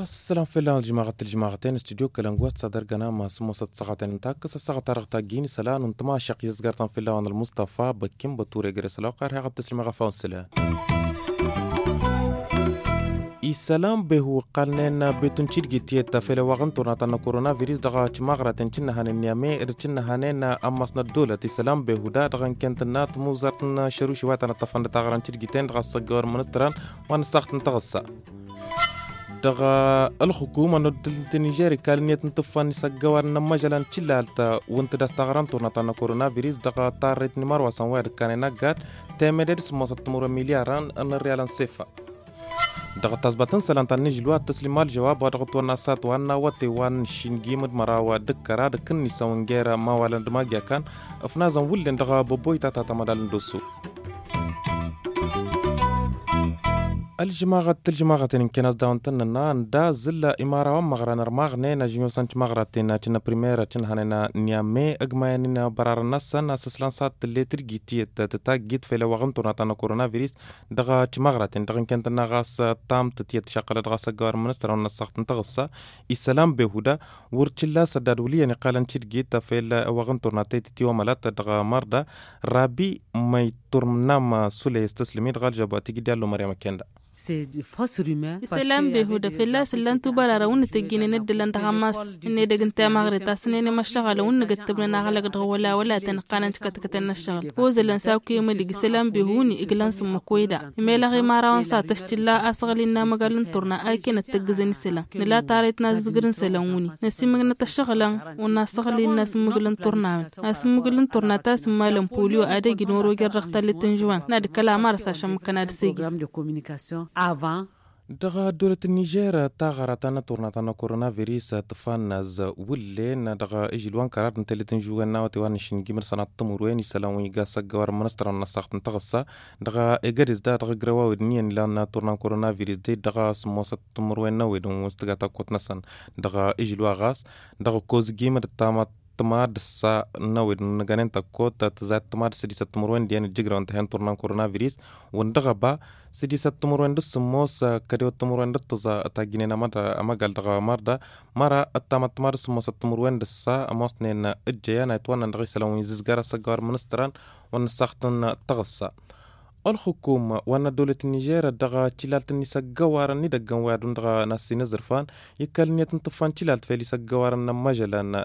السلام في الله الجماعة الجماعتين استوديو كلانغوات صدر قناة ما سمو ست ساعتين انتاكس الساعة تارغ تاقين سلا ننتما شاق يزقرتن في الله المصطفى بكين بطوري قرسلا وقار قد تسلم غفاون سلا isalan behu qalnena betuncid gitiyeta fele waqantunatana coronavirus daga cimaqratencina haneniyame ircina hanena amasna dolat isalan behuda daqankentinat muzartna sharushwatana tafandataqrancid giten daga sagawar ministran wan saqtin taqassa daga alxukuma no dilta nigeri kaliniyat ntufan sagawar na majalan cilalta wunti dastaqran tunatana coronavirus daga tarret nimarwasan wair kanena gad temededsmosatmura miliyaran ana realan sefa دغت تزبطن سلانتان جلوة تسليم الجواب ودغت وناسات وانا وتوان شنجيمد مراوة دكرا دكن نساون غير ما والد ما كان افنازن ولن دغا بوبوي تاتا تمدال دوسو الجماغة الجماغة تن كناس داون تن نان دا زلا إمارة ومغرا نرماغ نينا جيو سانت مغرا تينا تنا بريميرا تن هننا نيامي أجمايا نينا برار ناسا ناس سلان سات اللي ترجي تي تتا جيت فيلا وغنتو ناتانا كورونا فيروس دغا تمغرا تن دغن كنت غاس تام تتيا تشاقل دغاس قوار منستر ونساق نتغسا إسلام بهودا ورتشلا سداد وليا نقالن ترجي تا فيلا وغنتو ناتي تتيو ملات دغا ماردا رابي ما يترمنا ما سولي يستسلمي دغا الجبواتي قديا مريم كندا islande huda fella silan tubarara wuni tagginine dilanda hamas ine daginta magre tasinene mashagala wuni gattabna nagalaga dawala wala tan qananch katkatan nashagal wozalan sauki mali gislan bihuni iglan summa koida imela gimarawan sa tashtilla asgalina magalun turna akina taggizani silan nila taritna zigrin silan wuni nasimigna tashagalan wuna sagalina sumuglan turna asumuglan turna tasmalan polio adagi noro gerrakta litinjuan nadikala marsa shamkana disigi avant daga dowlata niger tagarata na turnata na coronavirus tfanas wulen daga ijilwan karar nteletin jugannawa tiwan shingimir sanat tumurweni salawi gasa gawar ministra na saqtin tagasa daga egadis da daga grawa wedniyan la na turna coronavirus de daga smosat tumurwenna wedun wustgata kotnasan daga ijilwa gas daga kozgimir tamat tomar sa nawid naganinta ko ta za tomar sidi sa tumurwen dian jigra on tahen turnan coronavirus wanda gaba sidi sa tumurwen da sumo sa kadiwa tumurwen da taza ta gine na mata amagal daga marda mara atama tomar sumo sa tumurwen da sa amosne na ijjaya na itwana ndagi salamun zizgara sa gawar ministran wan saxtan tagassa الحكومة وانا دولة النيجير دغا تشيلالت نيسا قوارا ني دقان وادون دغا ناسي نزرفان يكال نيت نطفان تشيلالت في ليسا قوارا نمجلا نا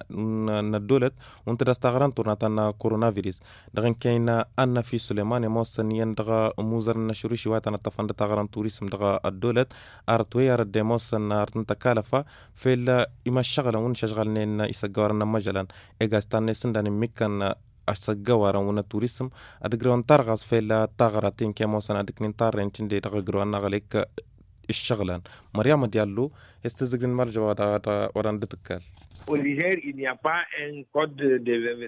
الدولة وانت داستغران تورناتانا كورونا فيروس دغن كاينا أنا في سليمان موسنيا دغا موزر نشرو شواتانا طفان دغاران توريسم دغا الدولة ارتوي ارد موسن ارتن تكالفة في إما الشغلة ونشغل نين إسا قوارا نمجلا إيغاستان نيسندان ميكان اشتا غوارا ونا توريسم ادغرو نترغس في لا تغراتين كيموسن ادك نتار انتندي تغرو انا غليك الشغلان مريم ديالو استزغن مرجو ورا ورا ندتكال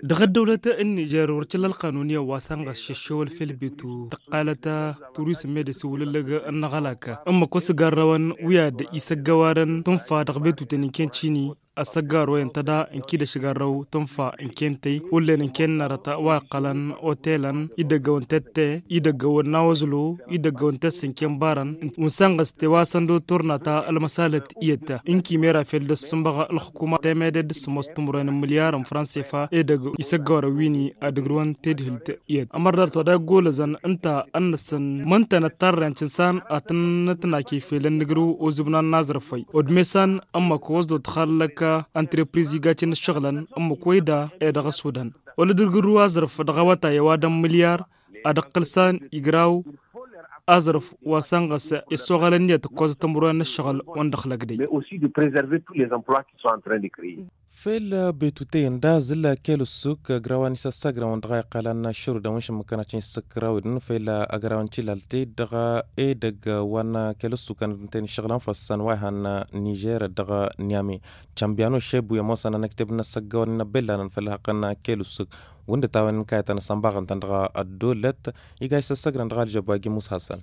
دغ الدولة النيجر ورتل القانونية واسان غش الشول في البيتو تقالة توريس ميدس وللغ النغلاك أما كوس غاروان وياد إيسا غوارن تنفا دغبيتو تنكين تشيني asagaro entada inkida shigarau tonfa inkentei ulen inkennarata waaqalan otelan idagawantette idagawanawazlu idagawantes inken baran unsangaste wasandu tornata almasalat iyeta inki mera feldes sumbaga alhukuma temede dismostumuren milyaran francefa edag isagaro wini adagruan tedhilte iyet amardar gulazan golazan inta annasan mantana tarranchinsan atanatnaki felennigru ozubnan nazrafai odmesan amma kowazdo антрепризигачен шъгълън амукъвайда едаъгъ судан олыдыргыру азырф дъгъавата яwadam milyar adъакълсан играу azrf wasangas isoghalaniya tukoztamburuan shghal wandakhlagdey فيل بيتوتين دا زلا كيلو السوق غراواني ساساغرا وان دغا أن شور دا وش مكانتين سكرا ودن فيلا اغراوان لالتي دغا اي دغا وانا كيلو السوق كان تاني شغلان فسان واهن نيجير دغا نيامي تشامبيانو شيبو يموسنا نكتبنا سغاونا بيلانا فيلا حقنا كيلو السوق وند تاوان كايتان سامباغن دغا الدولت يغاي ساساغرا دغا الجباغي موس حسن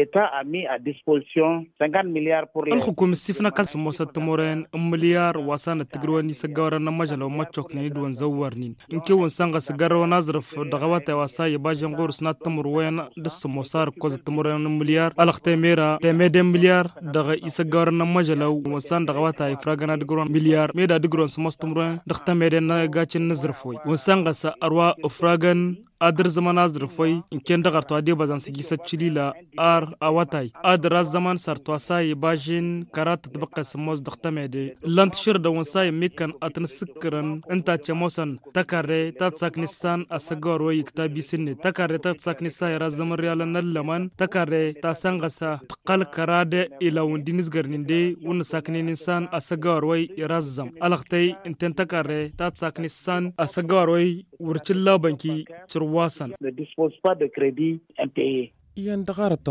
à disposition 50 الحكومة السفنة كاس موسى تمورين مليار واسانة تقرواني سجارة لو ما تشوكني دوان زوارنين إنكي انسان سجارة ونازرف دغوات واسايا باجن غور سنة تمروين دس موسار كوز تمورين مليار ألخ تيميرا تيميدين مليار دغا إسجارة لو وانسان دغوات إفراغنا دقرون مليار ميدا دقرون سموس تمورين دغتا ميدين نغاچن نزرفوي وانسانغا سأروا إفراغن adar zaman azrfai inken da garto ade bazan sigi sacilila ar awatai adar zaman sarto sai bajin karat tabqa samos daqtamede lant shir da wansai mikan atn sikran inta chamosan takare tatsak nisan asagor wa iktabi sinne takare tatsak nisai razaman rialan nallaman takare tasangasa tqal karade ila wundinis garninde un sakni nisan asagor wa irazzam alaqtai inten takare tatsak nisan asagor wa wurchilla banki chir wasan ne dispose pas de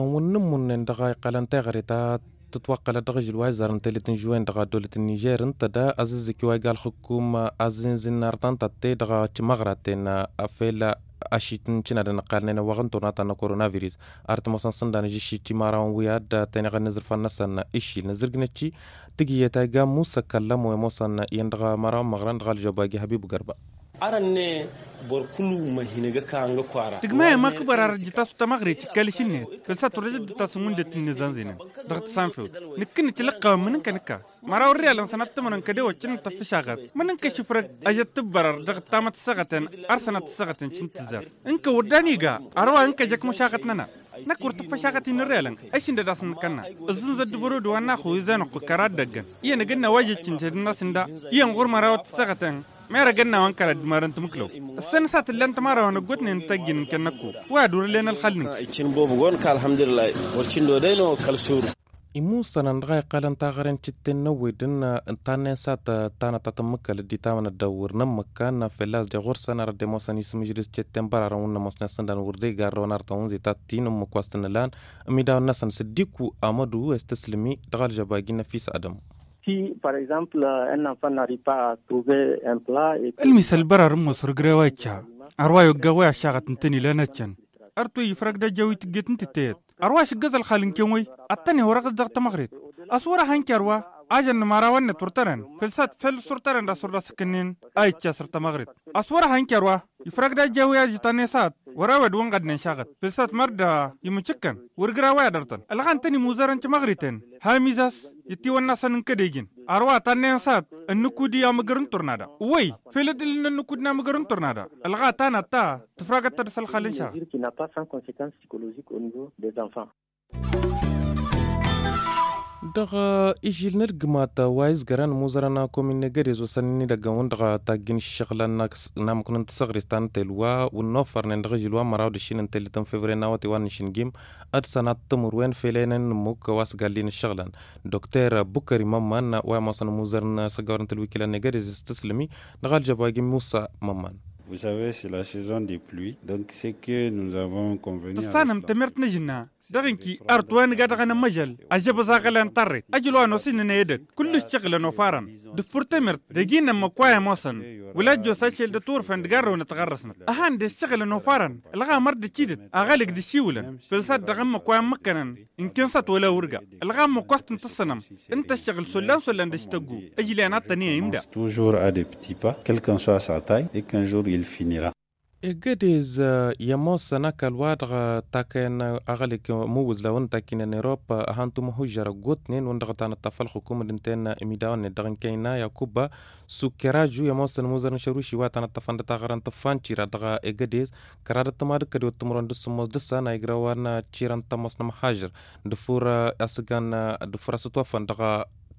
نمون ندغاي قلن تغريتا تتوقع لدرجة الوزارة انت اللي تنجوين دولة النيجير انت دا ازيزك قال حكومة ازين زين نارتان تتي دغا تمغرتين افيلا أشيتن تنا دنا قالنا وغن تونا تنا كورونا فيروس أرت موسن سندان جيشي تي ماران وياد تاني غن نزر فنسن إشي نزر جنتشي تجي كلام aranne borkulu mahinaga kaanga kwara digmaya maka barar jita su tamagre tikalishinne kelsa turje jita sumunde tinne zanzine dagt sanfield nikkin tilqa mininka nikka mara urri alan sanat manan kade wacin tafishagat manan ka shifra ajat barar dagt tamat sagatan arsanat sagatan cintizar inka wadaniga arwa inka jak mushagat nana na kurta fashakati ni relan ashin da dasan kanna izin zaddu buru da wannan hoyi zan ku karar daggan iya na ganna waje cince na sinda iya ngurmara wata sagatan ميرقنا وانكر الدمار انت مكلو السنة سات اللي انت مارا ونقوتني نتجي نكنكو وادور لنا الخلني الحمد لله ورشين دودينو كالسور imu sanandra qalan tagaren chitten wedin intane sat tana tatamakal ditamana dawurna makana felas de gorsanar de mosanis mujris chitten barara unna mosna sandan wurde garronar taun zita tin um kwastanalan amida nasan siddiku amadu estaslimi dagal jabagina fis adam si, par exemple, un eh, enfant n'arrive pas à trouver un plat... المثل برر مصر قريواتشا أروايو قوية شاغت نتني لانتشن أرتو يفرق دا جوي تقيت نتتيت أرواش قزل خالن كيوي التاني ورق الضغط مغرد أصورة هنكروا أجن ماراوان تورترن فلسات فل سورترن رسول سكنين أي تشاسر تمغرد أصورة هنكروا يفرق دا جوي أجتاني سات warawa duwan gadnen shagat pesat marda yimu chikkan wurgira waya dartan alhan tani muzaran ci magriten hamisas itti wanna sanin kadegin arwa tannen sat annukudi ya magarin tornada wai filid ilin annukudi na magarin tornada alga tana ta tufragat ta da salhalin daga isilnir gmata wais garan muzarana komine garis wasanini daga wundaga tagin shagla na namkunan tsagristan telwa unno farnen daga jilwa maraw de shinin telitan fevre na wati wan shingim at sanat tumurwen felenen muk was galin shaglan doktor bukari mamman na wa masan muzarna sagaran telwi kilan garis tislimi daga jabagi musa mamman Vous savez, c'est la saison des pluies, donc c'est que nous avons convenu. دارنكي أرتوان قد غنا مجل أجب زاغل انطرت أجلو أنو سنن يدك كل الشغل أنو فارن دفرتمرت رجينا مقوايا موسن ولا جو ساشل دتور فندقار ونتغرسنا أهان دي الشغل أنو فارن الغا مرد تشيدت أغالق دي شيولن فلسات دغم مقوايا مكنن إن كنسات ولا ورقة الغا مقواست انتصنم انت الشغل سلان سلان دي شتقو أجلي أنا التانية يمدا toujours à des petits pas, quel qu'en soit sa taille, إجديز يموس ناك الوادغ تاكن أغلق موز لو انتا كين نيروبا هانتو مهجر قوتنين وندغتان الطفل حكومة انتين اميداون ندغن كينا يكوبا سكراجو يموس نموزر نشروشي واتان الطفان دتاغران طفان تشيرا دغا إجديز كرار التمار كدو التمرون دس موز دسا نا يقراوان تشيران تموس نمحاجر دفور أسغان دفور أسطوفان دغا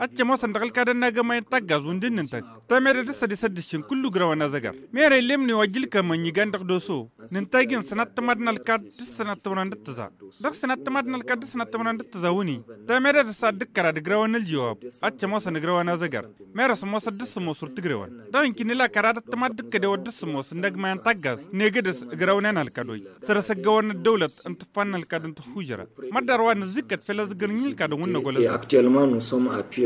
acce mo sandakalkada nagama tagga zundinin tak tamere da sadi sadi shin kullu grawa na zagar mere lemni wajil ka manyi gandak doso nin tagin sanat tamad nal kad sanat tamran dattaza dak sanat tamad nal kad sanat tamran dattaza wuni tamere da sad dikkara da grawa nal jawab acce mo san grawa na zagar mere so mo sad mo sur tigrawa dan kinila kara da tamad dikka da wadda mo sandagma tagga nege da grawa nal kadoi sara sagawan dawlat ant fan nal kad ant hujara madarwa na zikkat felaz garnil kad wunna golaz actuellement nous sommes à pied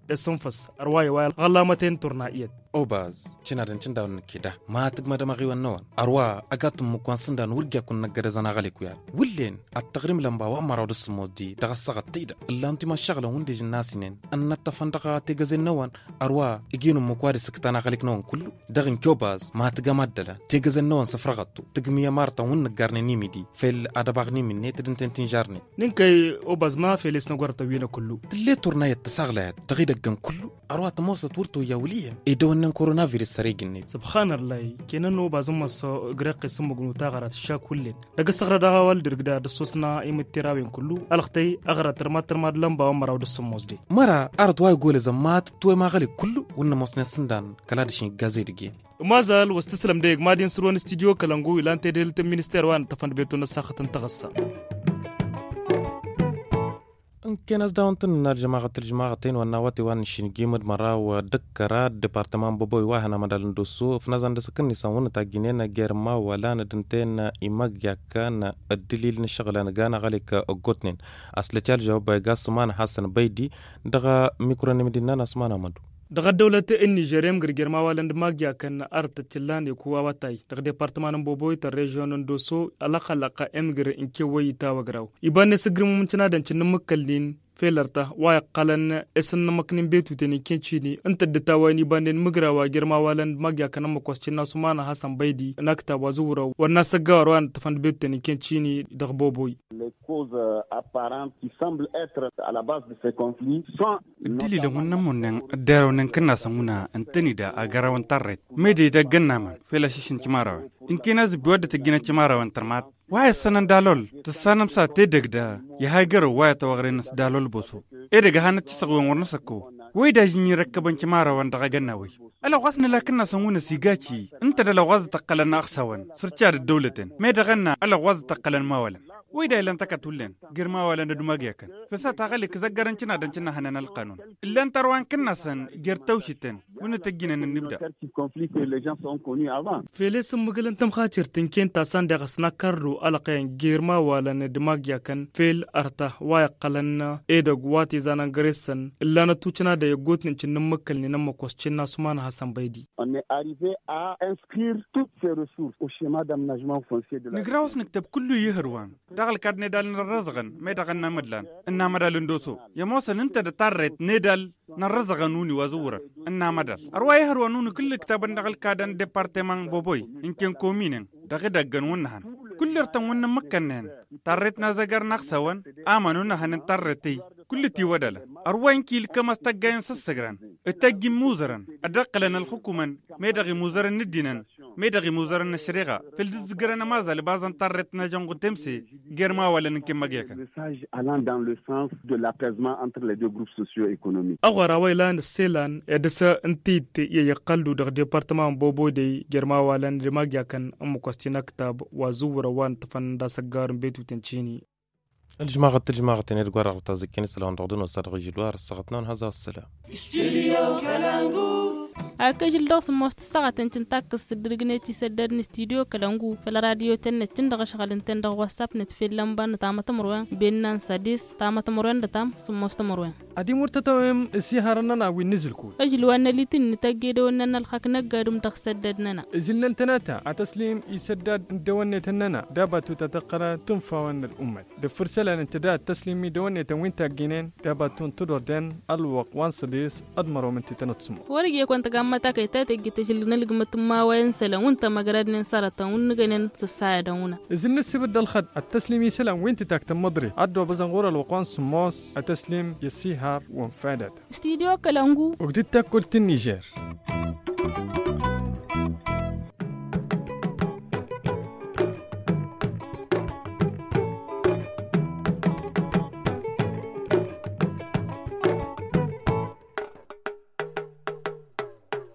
da sunfus arwaye wayal ghalamaten turna iyad obaz cina dan cin dawn kida ma tig ma dama giwan nawan arwa agatun mu kwan sun dan wurgiya kun nagare zana gale kuya willen at tagrim lamba wa maraw dus modi daga saga tida illanti ma shagla wunde jin nasinen an natta fandaga te gazen nawan arwa iginu mu kwari siktana galik nawan kullu dagin kyobaz ma tiga maddala te gazen nawan safragattu tigmiya marta wun nagarne nimidi fel adabag nimin ne tidin tentin jarne nin kai obaz ma felis na gwarta wina kullu tille turna yatta sagla tagida kan kullu arwa ta mosa turto ya wuliya idan wannan coronavirus sare ginne subhanallah kenan no bazan maso greqi sun mugunu ta garat sha kullin daga sakra da wal dirgda da sosna imittirawin kullu alkhtai agra tarma tarma lamba wa maraw da sun mosde mara artwa gole zammat to ma gali kullu wannan mosna sindan kala da shin gazai dige mazal wastislam da yagmadin surwan studio kalangu ilante delta minister wan tafan beto na sakatan tagassa كان داونتن نرجم ترجم غتين والنواتي وان شين جيمد مرا ودكرا ديبارتمان بوبوي واهنا مدال ندوسو فنازان دسكن نساون تا جنينا جيرما ولا ندنتين إمك يا كان الدليل نشغل نغانا غاليك أغوتنين أصل جواب غاسمان حسن بيدي دغا ميكرو نمدينا نسمان أمدو daga dawlata in girma girgirma waland magiya kan arta cilan ne kuwa watai daga departamentin boboy ta region doso alaka laka in gir in ke wayi ta wagraw ibane sigrim mun cina dan cinin mukallin felarta waya qalan esan namaknin betuteni kencini inta datawani banden girma walan magya kana makwascina sumana hasan baidi nakta wazura sagawar sagawarwan tafan betuteni da dagboboy dilila wannan munnan daronin kana samuna antani da a garawan tarret mai da ganna man fela shishin cimarawa in kina zubiwa da ta gina cimarawan tarmat waayassanan daalol tasaanamsaa tee degdaa yahaygaro waayata waqrenas daalol boso edegahanachisakwin warnasako ወይዳዥኝ ረከበንች ማረወን ደቀገናወይ አለቋስ ንላክና ሰሙነ ሲጋቺ እንተ ደለቋዝ ተቀለና አኽሳወን ስርቻ ደደውለትን ሜደቀና አለቋዝ ተቀለን ማወለን ወይዳ ይለንተከቱልን ግርማ ወለንድ ዱመግየክን ፍሰት አቀል ክዘገረንችን አደንችና ሀነን አልቀኑን እለን ጠርዋንክን ናሰን ጌርተውሽትን ውንትግንን እንብዳ ፌሌስ ምግልን ተምኻችርትን ኬን ታሳን ዳቀስና ካሩ አለቀን ግርማ ዋለን ድማግያከን ፌል አርታ ዋያቀለና ኤደግ ዋት የዛናን ገሬሰን እላነቱችና ደየጎትን ችንመክልኒ ነመኮስችና ሱማን ሀሰን በይዲ ንግራውስ ንክተብ ኩሉ ይህርዋን dagal kad nedal na razgan me dagan na madlan inna madal ndoso ya mosan inta da tarret nedal na razgan nuni wazura inna madal arwa ya harwa nuni kullu kitaban dagal kadan departement boboy inken kominen daga daggan wannan kullar tan wannan makkannen tarret na zagar naksawan amanu na hanin tarreti كلتي ودلا أروان كيل كما استجاين سسجران التجي موزرا أدقلنا الحكومة ميدغي موزرا ندنا ميدغي موزر نشريغا في الدزقر أنا مازال لبعض انطرت نجم قدمسي غير ما ولا نكي مجيكا راوي لان السيلان يدسا انتيت يقلدو دغ ديبارتمان بوبودي غير ما ولا نرماجيكا أمو كوستينا كتاب وزور وان تفن دا سقار بيتو تنشيني الجماعة الجماعة تنير قرار تازكين سلام دغدون وصار غجلوار سقطنا هذا السلام استديو كلامكو أكجل دوس موست ساعة تنتن تاكس درجنتي سدرن استديو كلانجو في الراديو تن تندغ شغل تندغ واتساب نت في اللمبة نتامة مروان بيننا سادس تامة مروان دتام سموست مروان أدي مرتتوهم السيهارنا ناوي نزلكو أجل وانا لتن نتاقيدو أننا الخاك نقارم دغ سددنا إزلنا تناتا عتسليم يسدد دواني تننا دابتو تتقرى تنفاوان الأمة دفرسة لان انتداد تسليمي دواني تنوين تاقينين دابتو تدور دين الوق وان سديس أدمرو من تتنتصمو ورقيا كنت gamata kai ta ta gita shi na ligmatu ma wayan salan wunta magarar nin sarata wun ganin sassaya da wuna izin nisi bidda alkhad التسليم يسلم وين تتاكت مدري أدو بزنغور الوقوان سموس التسليم يسيهار وانفادت استديو كلانغو وقدتك قلت النيجر